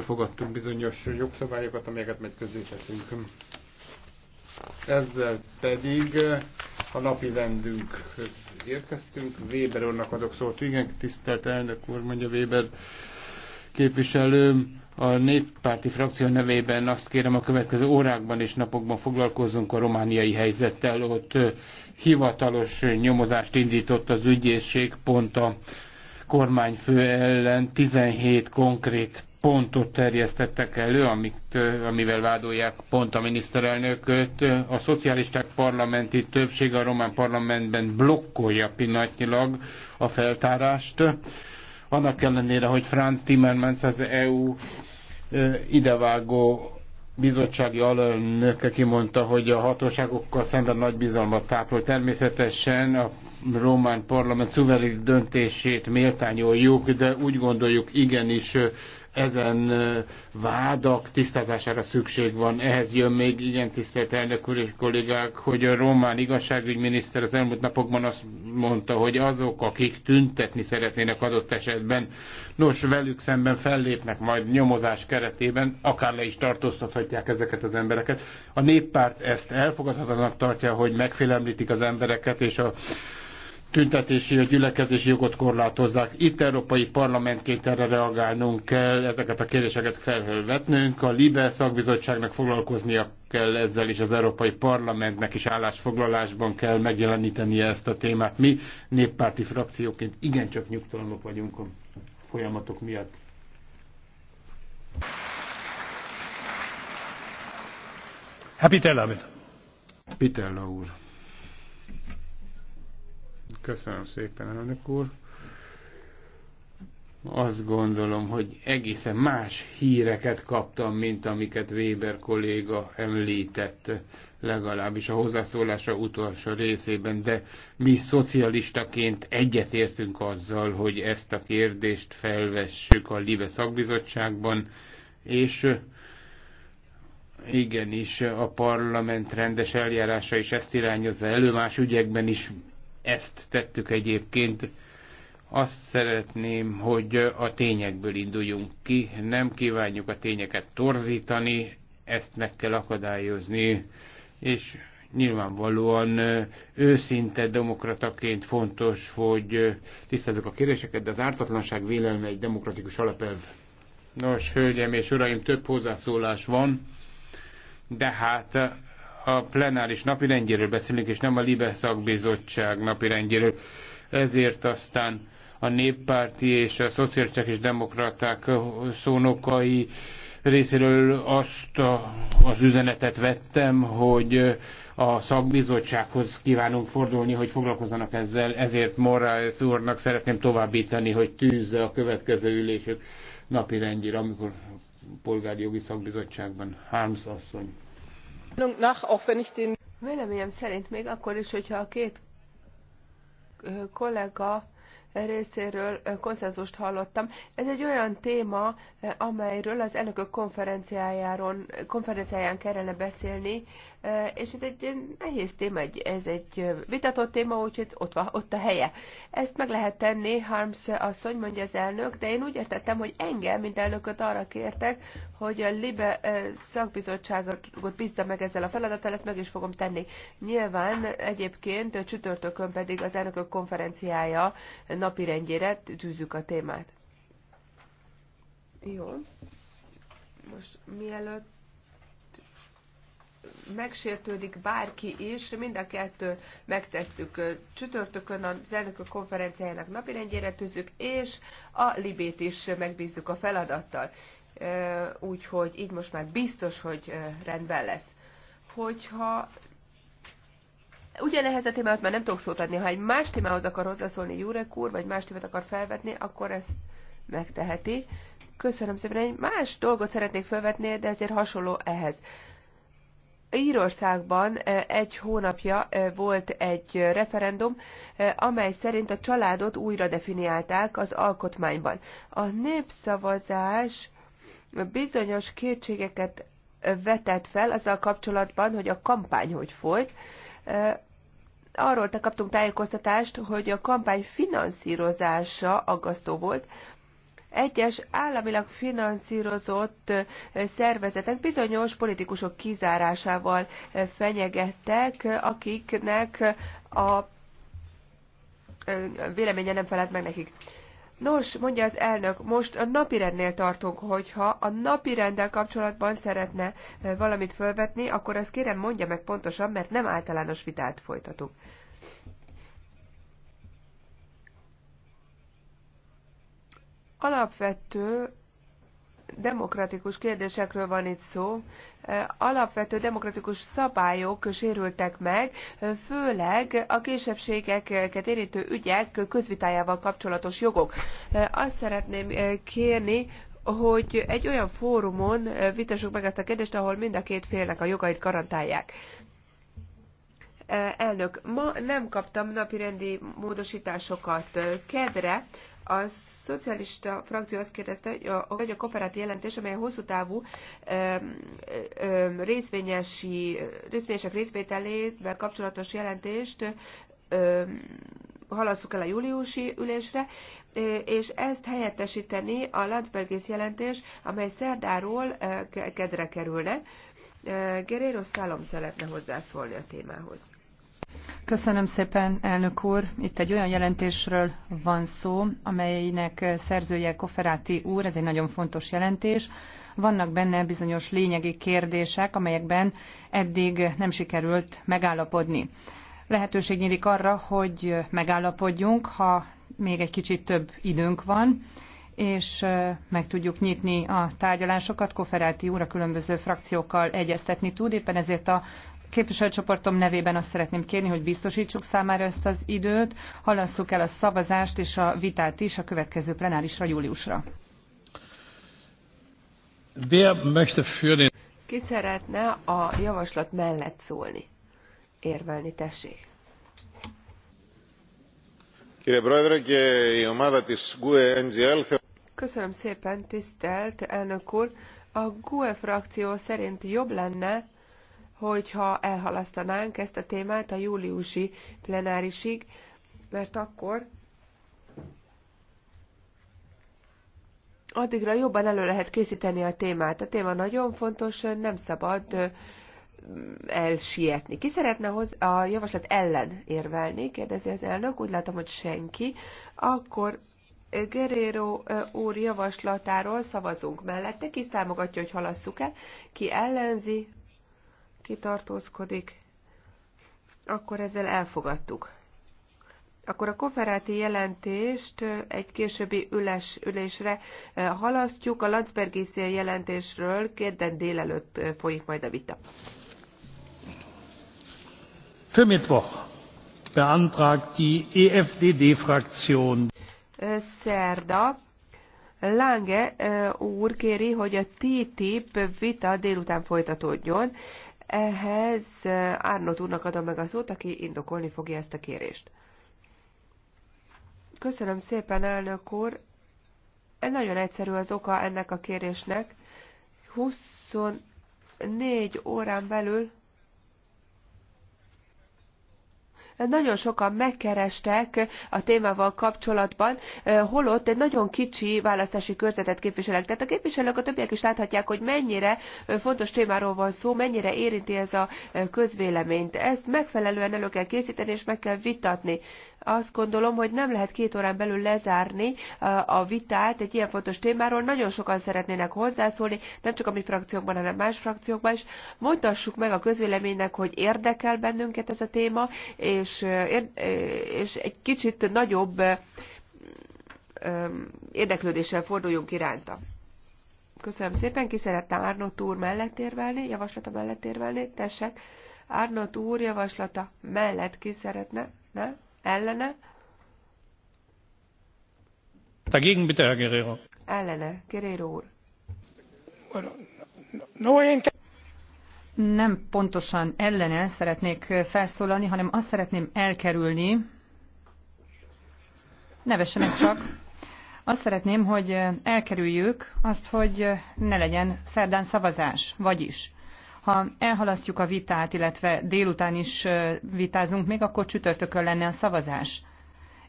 fogadtunk bizonyos jogszabályokat, amelyeket majd közé teszünk. Ezzel pedig a napi vendünk érkeztünk. Weber úrnak adok szót. Igen, tisztelt elnök úr, mondja Weber képviselő. A néppárti frakció nevében azt kérem a következő órákban és napokban foglalkozunk a romániai helyzettel. Ott hivatalos nyomozást indított az ügyészség pont a kormányfő ellen 17 konkrét pontot terjesztettek elő, amit, amivel vádolják pont a miniszterelnököt. A szocialisták parlamenti többsége a román parlamentben blokkolja pillanatnyilag a feltárást. Annak ellenére, hogy Franz Timmermans az EU idevágó bizottsági alelnöke kimondta, hogy a hatóságokkal szemben nagy bizalmat táplál. Természetesen a román parlament szuverén döntését méltányoljuk, de úgy gondoljuk igenis ezen vádak tisztázására szükség van. Ehhez jön még, igen, tisztelt elnök úr és kollégák, hogy a román igazságügyminiszter az elmúlt napokban azt mondta, hogy azok, akik tüntetni szeretnének adott esetben, nos, velük szemben fellépnek majd nyomozás keretében, akár le is tartóztathatják ezeket az embereket. A néppárt ezt elfogadhatatlanak tartja, hogy megfélemlítik az embereket, és a tüntetési vagy gyülekezési jogot korlátozzák. Itt Európai Parlamentként erre reagálnunk kell, ezeket a kérdéseket felvetnünk, a LIBE szakbizottságnak foglalkoznia kell ezzel, és az Európai Parlamentnek is állásfoglalásban kell megjelenítenie ezt a témát. Mi néppárti frakcióként igencsak nyugtalanok vagyunk a folyamatok miatt. Happy Tellamit! Peter úr. Köszönöm szépen, elnök úr. Azt gondolom, hogy egészen más híreket kaptam, mint amiket Weber kolléga említett, legalábbis a hozzászólása utolsó részében, de mi szocialistaként egyetértünk azzal, hogy ezt a kérdést felvessük a Libe szakbizottságban, és igenis a parlament rendes eljárása is ezt irányozza elő, más ügyekben is ezt tettük egyébként. Azt szeretném, hogy a tényekből induljunk ki. Nem kívánjuk a tényeket torzítani, ezt meg kell akadályozni, és nyilvánvalóan őszinte demokrataként fontos, hogy tisztázzuk a kérdéseket, de az ártatlanság vélelme egy demokratikus alapelv. Nos, hölgyem és uraim, több hozzászólás van, de hát a plenáris napirendjéről beszélünk, és nem a Libe szakbizottság napirendjéről. Ezért aztán a néppárti és a szociálisták és demokraták szónokai részéről azt a, az üzenetet vettem, hogy a szakbizottsághoz kívánunk fordulni, hogy foglalkozzanak ezzel, ezért Morales úrnak szeretném továbbítani, hogy tűzze a következő ülésük napi rendjére, amikor a polgári jogi szakbizottságban Harms asszony Véleményem szerint még akkor is, hogyha a két kollega részéről konszenzust hallottam. Ez egy olyan téma, amelyről az elnökök konferenciáján kellene beszélni, és ez egy nehéz téma, ez egy vitatott téma, úgyhogy ott, van, ott a helye. Ezt meg lehet tenni, Harms asszony, mondja az elnök, de én úgy értettem, hogy engem, mint elnököt arra kértek, hogy a LIBE szakbizottságot bízza meg ezzel a feladattal, ezt meg is fogom tenni. Nyilván egyébként csütörtökön pedig az elnökök konferenciája napirendjére tűzzük a témát. Jó. Most mielőtt megsértődik bárki is, mind a kettő megtesszük. Csütörtökön az elnökök konferenciájának napirendjére tűzzük, és a libét is megbízzuk a feladattal. Úgyhogy így most már biztos, hogy rendben lesz. Hogyha ugyanehez a témához már nem tudok szót adni, ha egy más témához akar hozzászólni Jurek úr, vagy más témát akar felvetni, akkor ezt megteheti. Köszönöm szépen. Egy más dolgot szeretnék felvetni, de ezért hasonló ehhez. Írországban egy hónapja volt egy referendum, amely szerint a családot újra definiálták az alkotmányban. A népszavazás bizonyos kétségeket vetett fel azzal kapcsolatban, hogy a kampány hogy folyt. Arról te kaptunk tájékoztatást, hogy a kampány finanszírozása aggasztó volt, egyes államilag finanszírozott szervezetek bizonyos politikusok kizárásával fenyegettek, akiknek a véleménye nem felelt meg nekik. Nos, mondja az elnök, most a napirendnél tartunk, hogyha a napirenddel kapcsolatban szeretne valamit fölvetni, akkor azt kérem mondja meg pontosan, mert nem általános vitát folytatunk. Alapvető demokratikus kérdésekről van itt szó. E, alapvető demokratikus szabályok sérültek meg, e, főleg a kisebbségeket érintő ügyek közvitájával kapcsolatos jogok. E, azt szeretném kérni, hogy egy olyan fórumon vitassuk meg ezt a kérdést, ahol mind a két félnek a jogait garantálják. Elnök, ma nem kaptam napirendi módosításokat kedre. A szocialista frakció azt kérdezte, hogy a, hogy a jelentés, amely a hosszú távú részvényesi, részvényesek részvételével kapcsolatos jelentést halasszuk el a júliusi ülésre, és ezt helyettesíteni a Landsbergész jelentés, amely szerdáról eh, kedre kerülne. Eh, Guerrero Szálom szeretne hozzászólni a témához. Köszönöm szépen, elnök úr. Itt egy olyan jelentésről van szó, amelynek szerzője Koferáti úr, ez egy nagyon fontos jelentés. Vannak benne bizonyos lényegi kérdések, amelyekben eddig nem sikerült megállapodni. Lehetőség nyílik arra, hogy megállapodjunk, ha még egy kicsit több időnk van, és meg tudjuk nyitni a tárgyalásokat. Koferáti úr a különböző frakciókkal egyeztetni tud, éppen ezért a képviselőcsoportom nevében azt szeretném kérni, hogy biztosítsuk számára ezt az időt, halasszuk el a szavazást és a vitát is a következő plenárisra, júliusra. Ki szeretne a javaslat mellett szólni? Érvelni, tessék. Eh, Köszönöm szépen, tisztelt elnök úr! A GUE frakció szerint jobb lenne, hogyha elhalasztanánk ezt a témát a júliusi plenárisig, mert akkor addigra jobban elő lehet készíteni a témát. A téma nagyon fontos, nem szabad elsietni. Ki szeretne hoz a javaslat ellen érvelni, kérdezi az elnök, úgy látom, hogy senki. Akkor Gerero úr javaslatáról szavazunk mellette, ki támogatja, hogy halasszuk e ki ellenzi, kitartózkodik, akkor ezzel elfogadtuk. Akkor a konferáti jelentést egy későbbi üles, ülésre eh, halasztjuk. A Landsbergi jelentésről kedden délelőtt eh, folyik majd a vita. Für Mittwoch beantragt die EFDD-Fraktion. Eh, szerda. Lange úr kéri, hogy a TTIP vita délután folytatódjon. Ehhez Árnott úrnak adom meg a szót, aki indokolni fogja ezt a kérést. Köszönöm szépen, elnök úr. Nagyon egyszerű az oka ennek a kérésnek. 24 órán belül nagyon sokan megkerestek a témával kapcsolatban, holott egy nagyon kicsi választási körzetet képviselek. Tehát a képviselők, a többiek is láthatják, hogy mennyire fontos témáról van szó, mennyire érinti ez a közvéleményt. Ezt megfelelően elő kell készíteni és meg kell vitatni azt gondolom, hogy nem lehet két órán belül lezárni a vitát egy ilyen fontos témáról. Nagyon sokan szeretnének hozzászólni, nem csak a mi frakciókban, hanem más frakciókban is. Mondtassuk meg a közvéleménynek, hogy érdekel bennünket ez a téma, és, és egy kicsit nagyobb érdeklődéssel forduljunk iránta. Köszönöm szépen, ki szerettem Árnott úr mellett érvelni, javaslata mellett érvelni, tessék. Árnott úr javaslata mellett ki szeretne, ne? Ellene. Dagegen bitte, Herr Guerrero. Ellene, Guerrero úr. Nem pontosan ellene szeretnék felszólalni, hanem azt szeretném elkerülni, Nevesenek csak, azt szeretném, hogy elkerüljük azt, hogy ne legyen szerdán szavazás, vagyis ha elhalasztjuk a vitát, illetve délután is vitázunk még, akkor csütörtökön lenne a szavazás.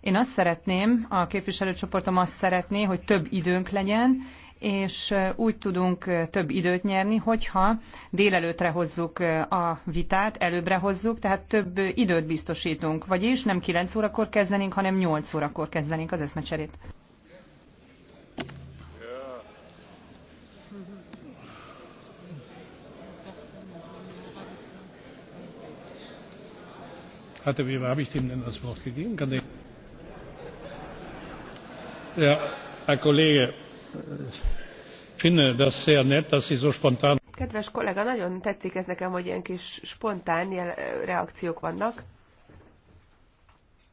Én azt szeretném, a képviselőcsoportom azt szeretné, hogy több időnk legyen, és úgy tudunk több időt nyerni, hogyha délelőtre hozzuk a vitát, előbbre hozzuk, tehát több időt biztosítunk. Vagyis nem 9 órakor kezdenénk, hanem 8 órakor kezdenénk az eszmecserét. Hatte, wem habe ich denn das Wort gegeben? Kann Ja, Herr Kollege, ich finde das sehr nett, dass Sie so spontan. Kedves kollega, nagyon tetszik ez nekem, hogy ilyen kis spontán reakciók vannak.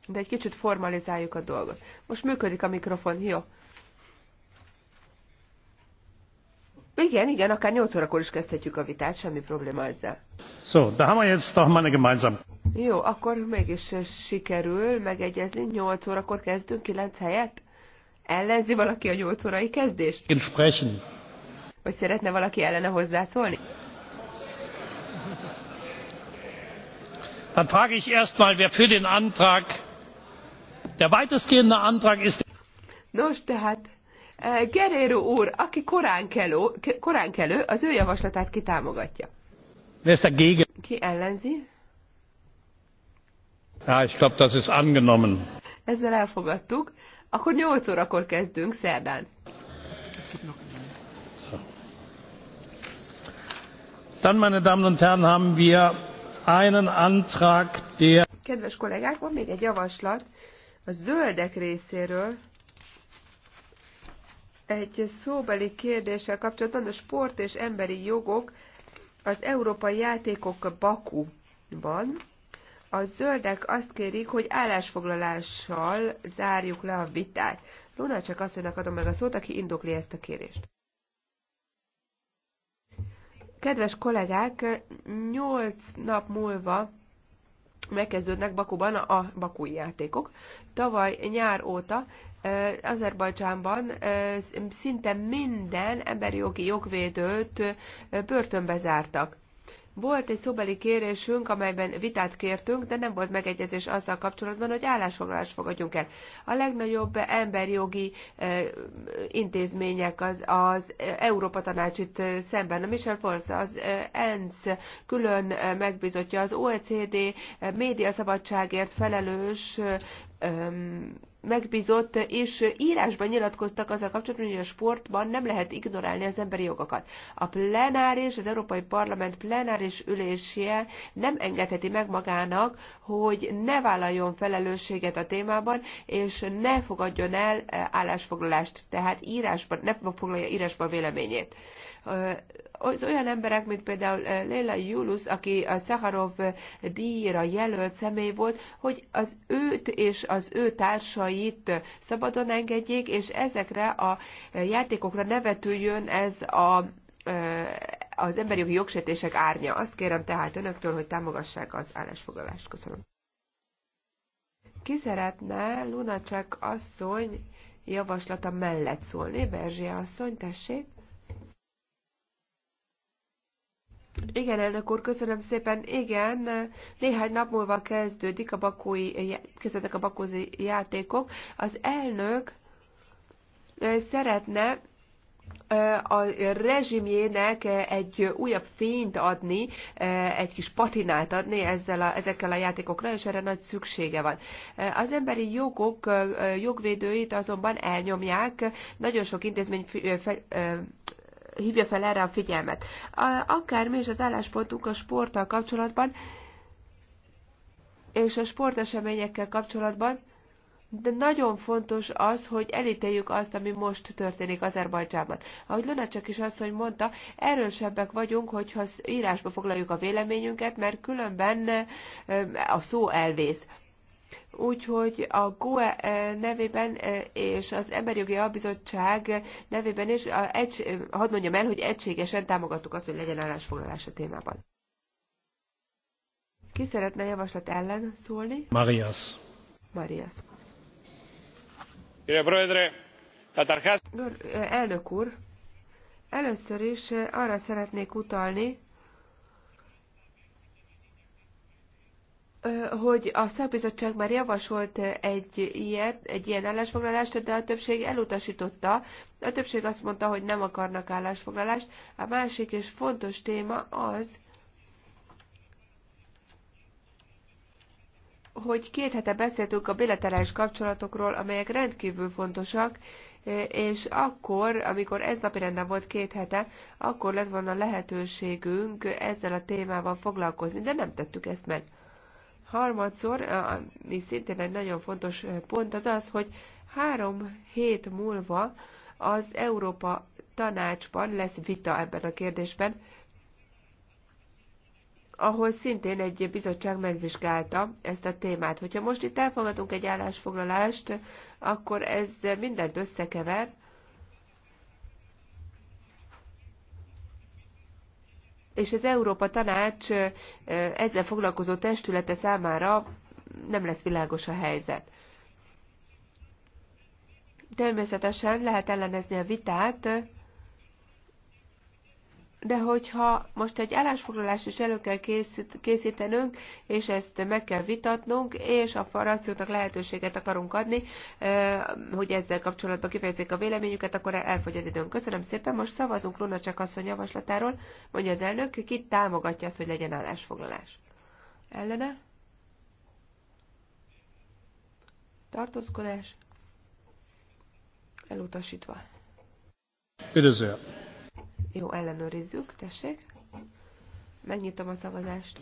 De egy kicsit formalizáljuk a dolgot. Most működik a mikrofon, jó? Igen, igen, akár 8 órakor is kezdhetjük a vitát, semmi probléma ezzel. So, da haben wir jetzt doch mal eine gemeinsame. Jó, akkor mégis sikerül megegyezni. 8 órakor kezdünk, 9 helyet. Ellenzi valaki a 8 órai kezdést? Entsprechen. Vagy szeretne valaki ellene hozzászólni? Dann frage ich erstmal, wer für den Antrag, der weitestgehende Antrag ist. Nos, tehát eh, Gerero úr, aki korán kelő, korán kelő, az ő javaslatát kitámogatja. Ki ellenzi? Ja, ich glaube, das ist angenommen. Ezzel elfogadtuk. Akkor 8 órakor kezdünk szerdán. Dann, meine Damen und Herren, haben wir einen Antrag, der... Kedves kollégák, van még egy javaslat a zöldek részéről egy szóbeli kérdéssel kapcsolatban a sport és emberi jogok az európai játékok Bakuban. A zöldek azt kérik, hogy állásfoglalással zárjuk le a vitát. Luna csak asszonynak adom meg a szót, aki indokli ezt a kérést. Kedves kollégák, 8 nap múlva megkezdődnek Bakuban a bakúi játékok. Tavaly nyár óta Azerbajdzsánban szinte minden emberi jogi jogvédőt börtönbe zártak. Volt egy szóbeli kérésünk, amelyben vitát kértünk, de nem volt megegyezés azzal kapcsolatban, hogy állásfoglalást fogadjunk el. A legnagyobb emberjogi intézmények az, az Európa Tanács itt szemben, a Michel Forsz, az ENSZ külön megbizotja, az OECD médiaszabadságért felelős megbízott, és írásban nyilatkoztak a kapcsolatban, hogy a sportban nem lehet ignorálni az emberi jogokat. A plenáris, az Európai Parlament plenáris ülésje nem engedheti meg magának, hogy ne vállaljon felelősséget a témában, és ne fogadjon el eh, állásfoglalást, tehát írásban, ne foglalja írásban véleményét az olyan emberek, mint például Leila Julus, aki a Szaharov díjra jelölt személy volt, hogy az őt és az ő társait szabadon engedjék, és ezekre a játékokra nevetüljön ez a az emberi jogi jogsértések árnya. Azt kérem tehát önöktől, hogy támogassák az állásfoglalást. Köszönöm. Ki szeretne Lunacek asszony javaslata mellett szólni? Berzsia asszony, tessék. Igen, elnök úr, köszönöm szépen. Igen, néhány nap múlva kezdődik a bakói, kezdődnek a bakózi játékok. Az elnök szeretne a rezsimjének egy újabb fényt adni, egy kis patinát adni ezzel a, ezekkel a játékokra, és erre nagy szüksége van. Az emberi jogok jogvédőit azonban elnyomják, nagyon sok intézmény hívja fel erre a figyelmet. Akármi is az álláspontunk a sporttal kapcsolatban, és a sporteseményekkel kapcsolatban, de nagyon fontos az, hogy elítéljük azt, ami most történik Azerbajdzsában. Ahogy Lunacek is azt, hogy mondta, erősebbek vagyunk, hogyha írásba foglaljuk a véleményünket, mert különben a szó elvész. Úgyhogy a GUE eh, nevében eh, és az Emberi Jogi Albizottság nevében is, a egy, hadd mondjam el, hogy egységesen támogattuk azt, hogy legyen állásfoglalás a témában. Ki szeretne javaslat ellen szólni? Marias. Marias. Eh, elnök úr, először is arra szeretnék utalni, hogy a szakbizottság már javasolt egy, ilyet, egy ilyen állásfoglalást, de a többség elutasította. A többség azt mondta, hogy nem akarnak állásfoglalást. A másik és fontos téma az, hogy két hete beszéltünk a bilaterális kapcsolatokról, amelyek rendkívül fontosak, és akkor, amikor ez napirenden volt két hete, akkor lett volna lehetőségünk ezzel a témával foglalkozni, de nem tettük ezt meg. Harmadszor, ami szintén egy nagyon fontos pont, az az, hogy három hét múlva az Európa tanácsban lesz vita ebben a kérdésben, ahol szintén egy bizottság megvizsgálta ezt a témát. Hogyha most itt elfogadunk egy állásfoglalást, akkor ez mindent összekever, és az Európa Tanács ezzel foglalkozó testülete számára nem lesz világos a helyzet. Természetesen lehet ellenezni a vitát, de hogyha most egy állásfoglalást is elő kell készít, készítenünk, és ezt meg kell vitatnunk, és a frakcióknak lehetőséget akarunk adni, hogy ezzel kapcsolatban kifejezzék a véleményüket, akkor elfogy az időnk. Köszönöm szépen, most szavazunk csak asszony javaslatáról, mondja az elnök, ki támogatja azt, hogy legyen állásfoglalás. Ellene? Tartózkodás? Elutasítva. Üdvözlő! Jó, ellenőrizzük, tessék. Megnyitom a szavazást.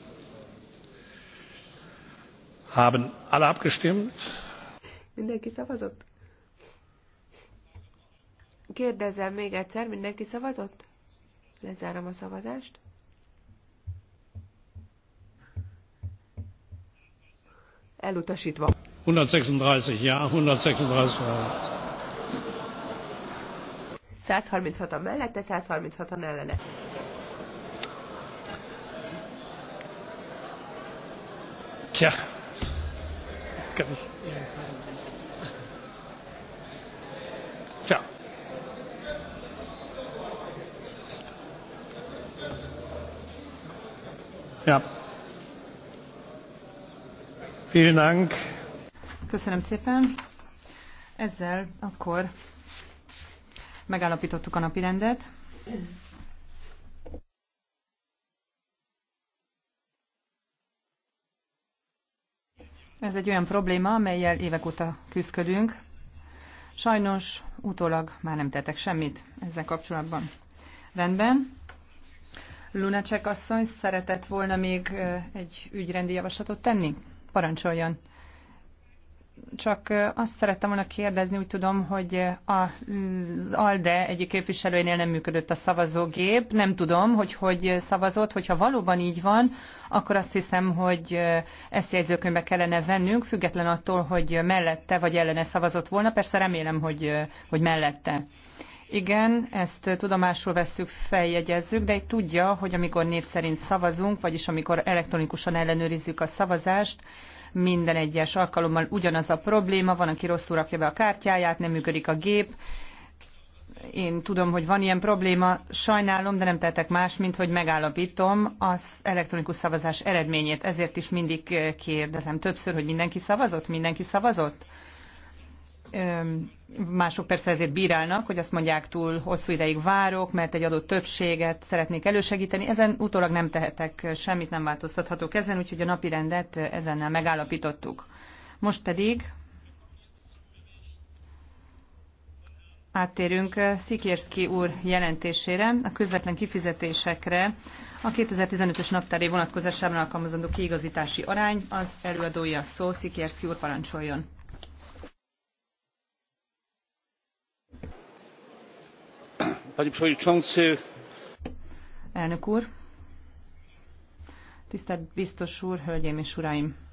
Haben alle abgestimmt? Mindenki szavazott? Kérdezem még egyszer, mindenki szavazott? Lezárom a szavazást. Elutasítva. 136 ja, 136 ja. 136-an mellette, 136-an ellene. Tja, kann ich. Tja. Ja. Vielen Dank. Köszönöm szépen. Ezzel akkor megállapítottuk a napirendet. Ez egy olyan probléma, amelyel évek óta küzdködünk. Sajnos utólag már nem tettek semmit ezzel kapcsolatban. Rendben. Lunacek asszony szeretett volna még egy ügyrendi javaslatot tenni? Parancsoljon! csak azt szerettem volna kérdezni, úgy tudom, hogy az ALDE egyik képviselőjénél nem működött a szavazógép. Nem tudom, hogy hogy szavazott, hogyha valóban így van, akkor azt hiszem, hogy ezt jegyzőkönyvbe kellene vennünk, független attól, hogy mellette vagy ellene szavazott volna. Persze remélem, hogy, hogy mellette. Igen, ezt tudomásul veszük, feljegyezzük, de egy tudja, hogy amikor név szerint szavazunk, vagyis amikor elektronikusan ellenőrizzük a szavazást, minden egyes alkalommal ugyanaz a probléma, van, aki rosszul rakja be a kártyáját, nem működik a gép. Én tudom, hogy van ilyen probléma, sajnálom, de nem tettek más, mint hogy megállapítom az elektronikus szavazás eredményét. Ezért is mindig kérdezem többször, hogy mindenki szavazott, mindenki szavazott mások persze ezért bírálnak, hogy azt mondják túl hosszú ideig várok, mert egy adott többséget szeretnék elősegíteni. Ezen utólag nem tehetek, semmit nem változtathatok ezen, úgyhogy a napi rendet ezennel megállapítottuk. Most pedig áttérünk Szikérszki úr jelentésére, a közvetlen kifizetésekre a 2015-ös naptári vonatkozásában alkalmazandó kiigazítási arány, az előadója szó, Szikérszki úr parancsoljon. panie przewodniczący! elnök úr tisztelt biztos úr hölgyeim és uraim!